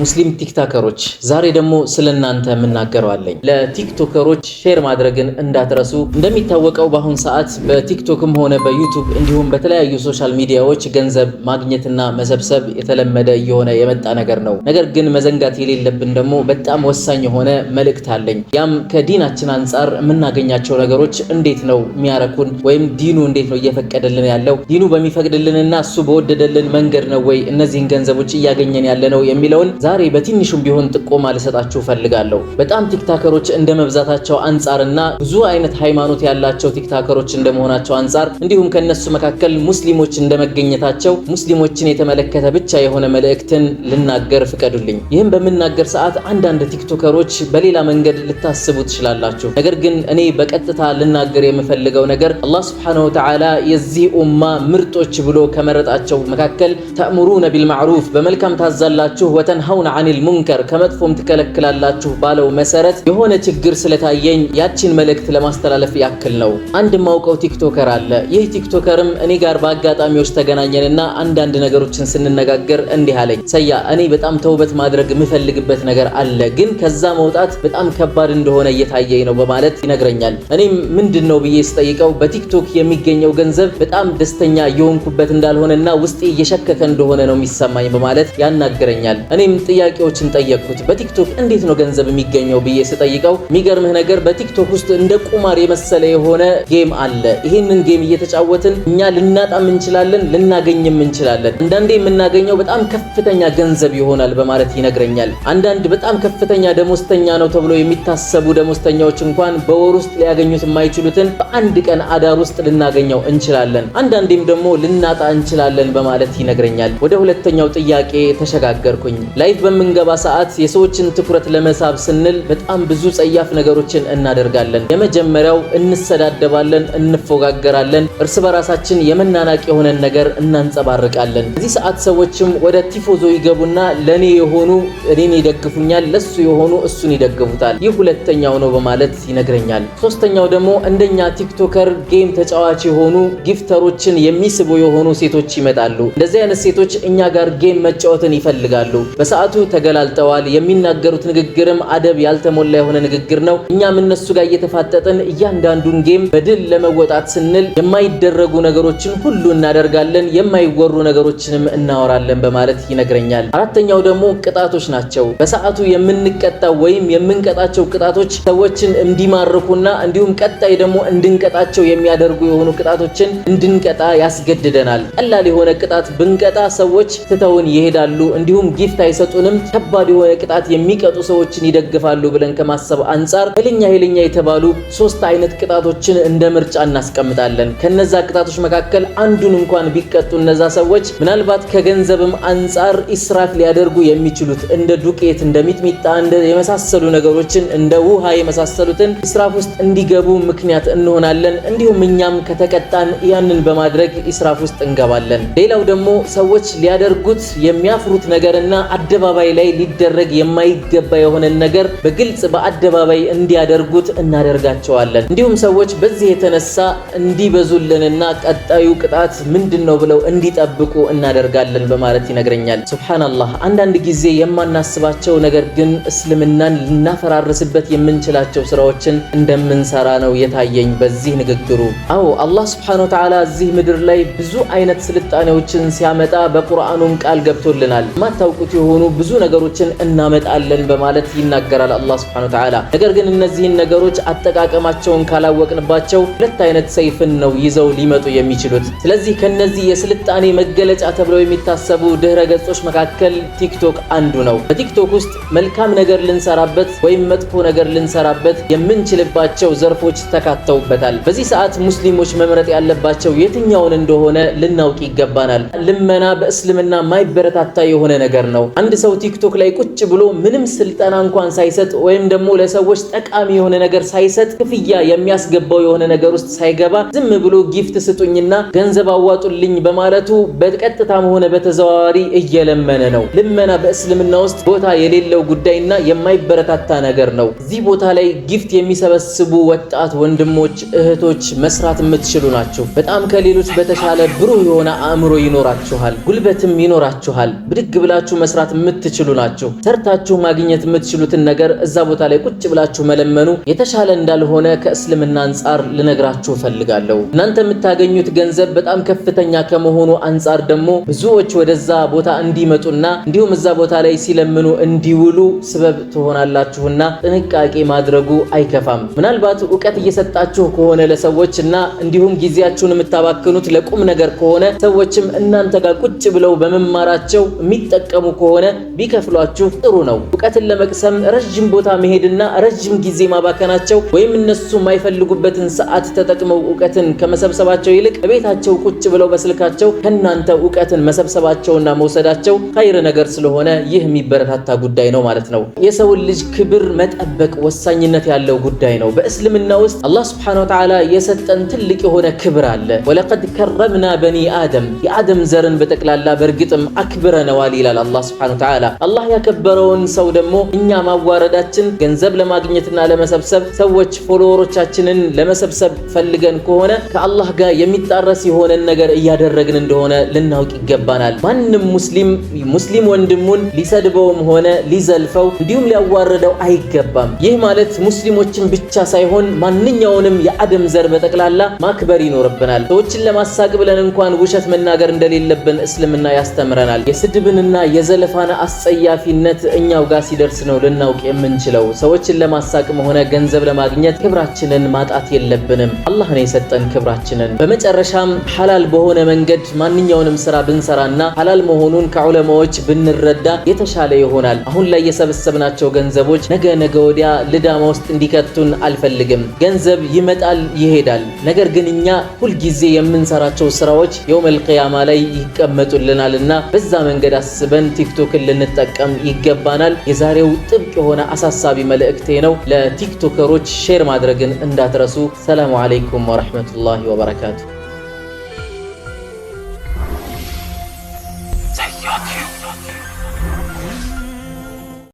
ሙስሊም ቲክታከሮች ዛሬ ደግሞ ስለ እናንተ ለቲክቶከሮች ሼር ማድረግን እንዳትረሱ። እንደሚታወቀው በአሁን ሰዓት በቲክቶክም ሆነ በዩቱብ እንዲሁም በተለያዩ ሶሻል ሚዲያዎች ገንዘብ ማግኘትና መሰብሰብ የተለመደ እየሆነ የመጣ ነገር ነው። ነገር ግን መዘንጋት የሌለብን ደግሞ በጣም ወሳኝ የሆነ መልእክት አለኝ። ያም ከዲናችን አንጻር የምናገኛቸው ነገሮች እንዴት ነው የሚያረኩን፣ ወይም ዲኑ እንዴት ነው እየፈቀደልን ያለው፣ ዲኑ በሚፈቅድልንና እሱ በወደደልን መንገድ ነው ወይ እነዚህን ገንዘቦች እያገኘን ያለ ነው የሚለውን ዛሬ በትንሹም ቢሆን ጥቆማ ልሰጣችሁ ፈልጋለሁ። በጣም ቲክታከሮች እንደ መብዛታቸው አንጻርና ብዙ አይነት ሃይማኖት ያላቸው ቲክታከሮች እንደመሆናቸው አንጻር እንዲሁም ከነሱ መካከል ሙስሊሞች እንደመገኘታቸው ሙስሊሞችን የተመለከተ ብቻ የሆነ መልእክትን ልናገር ፍቀዱልኝ። ይህም በምናገር ሰዓት አንዳንድ ቲክቶከሮች በሌላ መንገድ ልታስቡ ትችላላችሁ። ነገር ግን እኔ በቀጥታ ልናገር የምፈልገው ነገር አላህ ስብሓነሁ ወተዓላ የዚህ ኡማ ምርጦች ብሎ ከመረጣቸው መካከል ተእምሩነ ቢልማዕሩፍ በመልካም ታዛላችሁ ወተን ወተንሀውነ አኒል ሙንከር ከመጥፎም ትከለክላላችሁ ባለው መሰረት የሆነ ችግር ስለታየኝ ያችን መልእክት ለማስተላለፍ ያክል ነው። አንድ ማውቀው ቲክቶከር አለ። ይህ ቲክቶከርም እኔ ጋር በአጋጣሚዎች ተገናኘንና አንዳንድ ነገሮችን ስንነጋገር እንዲህ አለኝ። ሰያ እኔ በጣም ተውበት ማድረግ የምፈልግበት ነገር አለ፣ ግን ከዛ መውጣት በጣም ከባድ እንደሆነ እየታየኝ ነው በማለት ይነግረኛል። እኔም ምንድን ነው ብዬ ስጠይቀው በቲክቶክ የሚገኘው ገንዘብ በጣም ደስተኛ እየሆንኩበት እንዳልሆነና ውስጤ እየሸከከ እንደሆነ ነው የሚሰማኝ በማለት ያናግረኛል እኔም ጥያቄዎችን ጠየቅኩት። በቲክቶክ እንዴት ነው ገንዘብ የሚገኘው ብዬ ስጠይቀው የሚገርምህ ነገር በቲክቶክ ውስጥ እንደ ቁማር የመሰለ የሆነ ጌም አለ። ይህንን ጌም እየተጫወትን እኛ ልናጣም እንችላለን፣ ልናገኝም እንችላለን። አንዳንዴ የምናገኘው በጣም ከፍተኛ ገንዘብ ይሆናል በማለት ይነግረኛል። አንዳንድ በጣም ከፍተኛ ደሞዝተኛ ነው ተብሎ የሚታሰቡ ደሞዝተኛዎች እንኳን በወር ውስጥ ሊያገኙት የማይችሉትን በአንድ ቀን አዳር ውስጥ ልናገኘው እንችላለን፣ አንዳንዴም ደግሞ ልናጣ እንችላለን በማለት ይነግረኛል። ወደ ሁለተኛው ጥያቄ ተሸጋገርኩኝ ላይ ላይፍ በምንገባ ሰዓት የሰዎችን ትኩረት ለመሳብ ስንል በጣም ብዙ ጸያፍ ነገሮችን እናደርጋለን። የመጀመሪያው እንሰዳደባለን፣ እንፎጋገራለን፣ እርስ በራሳችን የመናናቅ የሆነን ነገር እናንጸባርቃለን። በዚህ ሰዓት ሰዎችም ወደ ቲፎዞ ይገቡና ለእኔ የሆኑ እኔን ይደግፉኛል፣ ለሱ የሆኑ እሱን ይደግፉታል። ይህ ሁለተኛው ነው በማለት ይነግረኛል። ሶስተኛው ደግሞ እንደኛ ቲክቶከር ጌም ተጫዋች የሆኑ ጊፍተሮችን የሚስቡ የሆኑ ሴቶች ይመጣሉ። እንደዚህ አይነት ሴቶች እኛ ጋር ጌም መጫወትን ይፈልጋሉ። በሰዓቱ ተገላልጠዋል። የሚናገሩት ንግግርም አደብ ያልተሞላ የሆነ ንግግር ነው። እኛም እነሱ ጋር እየተፋጠጥን እያንዳንዱን ጌም በድል ለመወጣት ስንል የማይደረጉ ነገሮችን ሁሉ እናደርጋለን፣ የማይወሩ ነገሮችንም እናወራለን በማለት ይነግረኛል። አራተኛው ደግሞ ቅጣቶች ናቸው። በሰዓቱ የምንቀጣው ወይም የምንቀጣቸው ቅጣቶች ሰዎችን እንዲማርኩና እንዲሁም ቀጣይ ደግሞ እንድንቀጣቸው የሚያደርጉ የሆኑ ቅጣቶችን እንድንቀጣ ያስገድደናል። ቀላል የሆነ ቅጣት ብንቀጣ ሰዎች ትተውን ይሄዳሉ፣ እንዲሁም ጊፍት አይሰጡ ቢቀጡንም ከባድ የሆነ ቅጣት የሚቀጡ ሰዎችን ይደግፋሉ ብለን ከማሰብ አንጻር ኃይለኛ ኃይለኛ የተባሉ ሶስት አይነት ቅጣቶችን እንደ ምርጫ እናስቀምጣለን። ከነዛ ቅጣቶች መካከል አንዱን እንኳን ቢቀጡ እነዛ ሰዎች ምናልባት ከገንዘብም አንጻር ኢስራፍ ሊያደርጉ የሚችሉት እንደ ዱቄት፣ እንደ ሚጥሚጣ፣ እንደ የመሳሰሉ ነገሮችን እንደ ውሃ የመሳሰሉትን ኢስራፍ ውስጥ እንዲገቡ ምክንያት እንሆናለን። እንዲሁም እኛም ከተቀጣን ያንን በማድረግ ኢስራፍ ውስጥ እንገባለን። ሌላው ደግሞ ሰዎች ሊያደርጉት የሚያፍሩት ነገርና አደ አደባባይ ላይ ሊደረግ የማይገባ የሆነን ነገር በግልጽ በአደባባይ እንዲያደርጉት እናደርጋቸዋለን። እንዲሁም ሰዎች በዚህ የተነሳ እንዲበዙልንና ቀጣዩ ቅጣት ምንድን ነው ብለው እንዲጠብቁ እናደርጋለን በማለት ይነግረኛል። ሱብሃነላህ። አንዳንድ ጊዜ የማናስባቸው ነገር ግን እስልምናን ልናፈራርስበት የምንችላቸው ስራዎችን እንደምንሰራ ነው የታየኝ በዚህ ንግግሩ። አዎ አላህ ሱብሃነሁ ወተዓላ እዚህ ምድር ላይ ብዙ አይነት ስልጣኔዎችን ሲያመጣ በቁርአኑም ቃል ገብቶልናል። የማታውቁት የሆኑ ብዙ ነገሮችን እናመጣለን በማለት ይናገራል አላህ ሱብሓነሁ ወተዓላ። ነገር ግን እነዚህን ነገሮች አጠቃቀማቸውን ካላወቅንባቸው ሁለት አይነት ሰይፍን ነው ይዘው ሊመጡ የሚችሉት። ስለዚህ ከነዚህ የስልጣኔ መገለጫ ተብለው የሚታሰቡ ድህረ ገጾች መካከል ቲክቶክ አንዱ ነው። በቲክቶክ ውስጥ መልካም ነገር ልንሰራበት ወይም መጥፎ ነገር ልንሰራበት የምንችልባቸው ዘርፎች ተካተውበታል። በዚህ ሰዓት ሙስሊሞች መምረጥ ያለባቸው የትኛውን እንደሆነ ልናውቅ ይገባናል። ልመና በእስልምና ማይበረታታ የሆነ ነገር ነው። አንድ ሰው ቲክቶክ ላይ ቁጭ ብሎ ምንም ስልጠና እንኳን ሳይሰጥ ወይም ደግሞ ለሰዎች ጠቃሚ የሆነ ነገር ሳይሰጥ ክፍያ የሚያስገባው የሆነ ነገር ውስጥ ሳይገባ ዝም ብሎ ጊፍት ስጡኝና ገንዘብ አዋጡልኝ በማለቱ በቀጥታም ሆነ በተዘዋዋሪ እየለመነ ነው። ልመና በእስልምና ውስጥ ቦታ የሌለው ጉዳይና የማይበረታታ ነገር ነው። እዚህ ቦታ ላይ ጊፍት የሚሰበስቡ ወጣት ወንድሞች፣ እህቶች መስራት የምትችሉ ናቸው። በጣም ከሌሎች በተሻለ ብሩህ የሆነ አእምሮ ይኖራችኋል፣ ጉልበትም ይኖራችኋል። ብድግ ብላችሁ መስራት የምትችሉ ናቸው። ሰርታችሁ ማግኘት የምትችሉትን ነገር እዛ ቦታ ላይ ቁጭ ብላችሁ መለመኑ የተሻለ እንዳልሆነ ከእስልምና አንጻር ልነግራችሁ እፈልጋለሁ። እናንተ የምታገኙት ገንዘብ በጣም ከፍተኛ ከመሆኑ አንጻር ደግሞ ብዙዎች ወደዛ ቦታ እንዲመጡና እንዲሁም እዛ ቦታ ላይ ሲለምኑ እንዲውሉ ስበብ ትሆናላችሁና ጥንቃቄ ማድረጉ አይከፋም። ምናልባት እውቀት እየሰጣችሁ ከሆነ ለሰዎች እና እንዲሁም ጊዜያችሁን የምታባክኑት ለቁም ነገር ከሆነ ሰዎችም እናንተ ጋር ቁጭ ብለው በመማራቸው የሚጠቀሙ ከሆነ ቢከፍሏችሁ ጥሩ ነው። እውቀትን ለመቅሰም ረጅም ቦታ መሄድና ረጅም ጊዜ ማባከናቸው ወይም እነሱ የማይፈልጉበትን ሰዓት ተጠቅመው እውቀትን ከመሰብሰባቸው ይልቅ በቤታቸው ቁጭ ብለው በስልካቸው ከእናንተ እውቀትን መሰብሰባቸውና መውሰዳቸው ኸይር ነገር ስለሆነ ይህ የሚበረታታ ጉዳይ ነው ማለት ነው። የሰውን ልጅ ክብር መጠበቅ ወሳኝነት ያለው ጉዳይ ነው። በእስልምና ውስጥ አላህ ሱብሓነሁ ወተዓላ የሰጠን ትልቅ የሆነ ክብር አለ። ወለቀድ ከረምና በኒ አደም የአደም ዘርን በጠቅላላ በእርግጥም አክብረነዋል ይላል አላህ ሱብሓነሁ ተዓላ አላህ ያከበረውን ሰው ደግሞ እኛ ማዋረዳችን ገንዘብ ለማግኘትና ለመሰብሰብ ሰዎች ፎሎወሮቻችንን ለመሰብሰብ ፈልገን ከሆነ ከአላህ ጋር የሚጣረስ የሆነን ነገር እያደረግን እንደሆነ ልናውቅ ይገባናል። ማንም ሙስሊም ሙስሊም ወንድሙን ሊሰድበውም ሆነ ሊዘልፈው እንዲሁም ሊያዋረደው አይገባም። ይህ ማለት ሙስሊሞችን ብቻ ሳይሆን ማንኛውንም የአደም ዘር በጠቅላላ ማክበር ይኖርብናል። ሰዎችን ለማሳቅ ብለን እንኳን ውሸት መናገር እንደሌለብን እስልምና ያስተምረናል። የስድብንና የዘለፋን የሆነ አስጸያፊነት እኛው ጋር ሲደርስ ነው ልናውቅ የምንችለው። ሰዎችን ለማሳቅም ሆነ ገንዘብ ለማግኘት ክብራችንን ማጣት የለብንም። አላህ ነው የሰጠን ክብራችንን። በመጨረሻም ሐላል በሆነ መንገድ ማንኛውንም ስራ ብንሰራና ሐላል መሆኑን ከዑለማዎች ብንረዳ የተሻለ ይሆናል። አሁን ላይ የሰበሰብናቸው ገንዘቦች ነገ ነገ ወዲያ ልዳማ ውስጥ እንዲከቱን አልፈልግም። ገንዘብ ይመጣል ይሄዳል። ነገር ግን እኛ ሁልጊዜ የምንሰራቸው ስራዎች የውመል ቂያማ ላይ ይቀመጡልናልና በዛ መንገድ አስበን ቲክቶክን ልንጠቀም ይገባናል። የዛሬው ጥብቅ የሆነ አሳሳቢ መልእክቴ ነው። ለቲክቶከሮች ሼር ማድረግን እንዳትረሱ። ሰላሙ አለይኩም ወረህመቱላሂ ወበረካቱሁ።